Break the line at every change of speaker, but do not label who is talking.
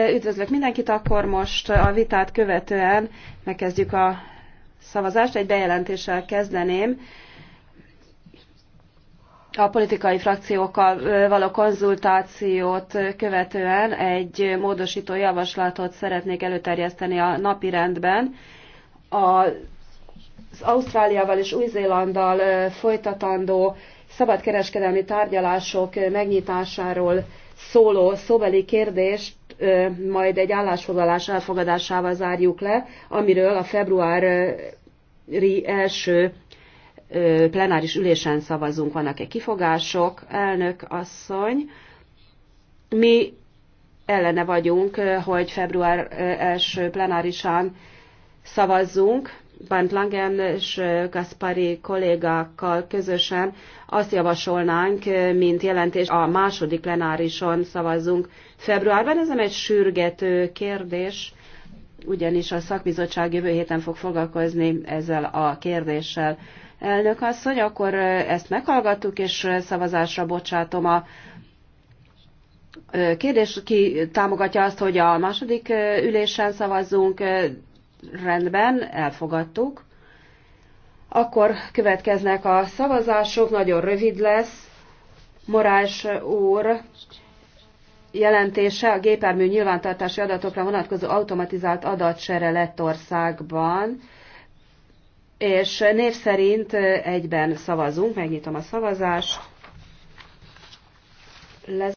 Üdvözlök mindenkit, akkor most a vitát követően megkezdjük a szavazást. Egy bejelentéssel kezdeném. A politikai frakciókkal való konzultációt követően egy módosító javaslatot szeretnék előterjeszteni a napi rendben. Az Ausztráliával és Új-Zélanddal folytatandó szabadkereskedelmi tárgyalások megnyitásáról szóló szóbeli kérdést majd egy állásfoglalás elfogadásával zárjuk le, amiről a februári első plenáris ülésen szavazunk. Vannak-e kifogások, elnök asszony? Mi ellene vagyunk, hogy február első plenárisán szavazzunk, Bent Langen és Gaspari kollégákkal közösen azt javasolnánk, mint jelentés, a második plenárison szavazzunk februárban. Ez nem egy sürgető kérdés, ugyanis a szakbizottság jövő héten fog foglalkozni ezzel a kérdéssel. Elnök asszony, akkor ezt meghallgattuk, és szavazásra bocsátom a kérdés, ki támogatja azt, hogy a második ülésen szavazzunk, rendben, elfogadtuk. Akkor következnek a szavazások, nagyon rövid lesz. Morás úr jelentése a gépjármű nyilvántartási adatokra vonatkozó automatizált adatsere Lettországban, és név szerint egyben szavazunk, megnyitom a szavazást. Lez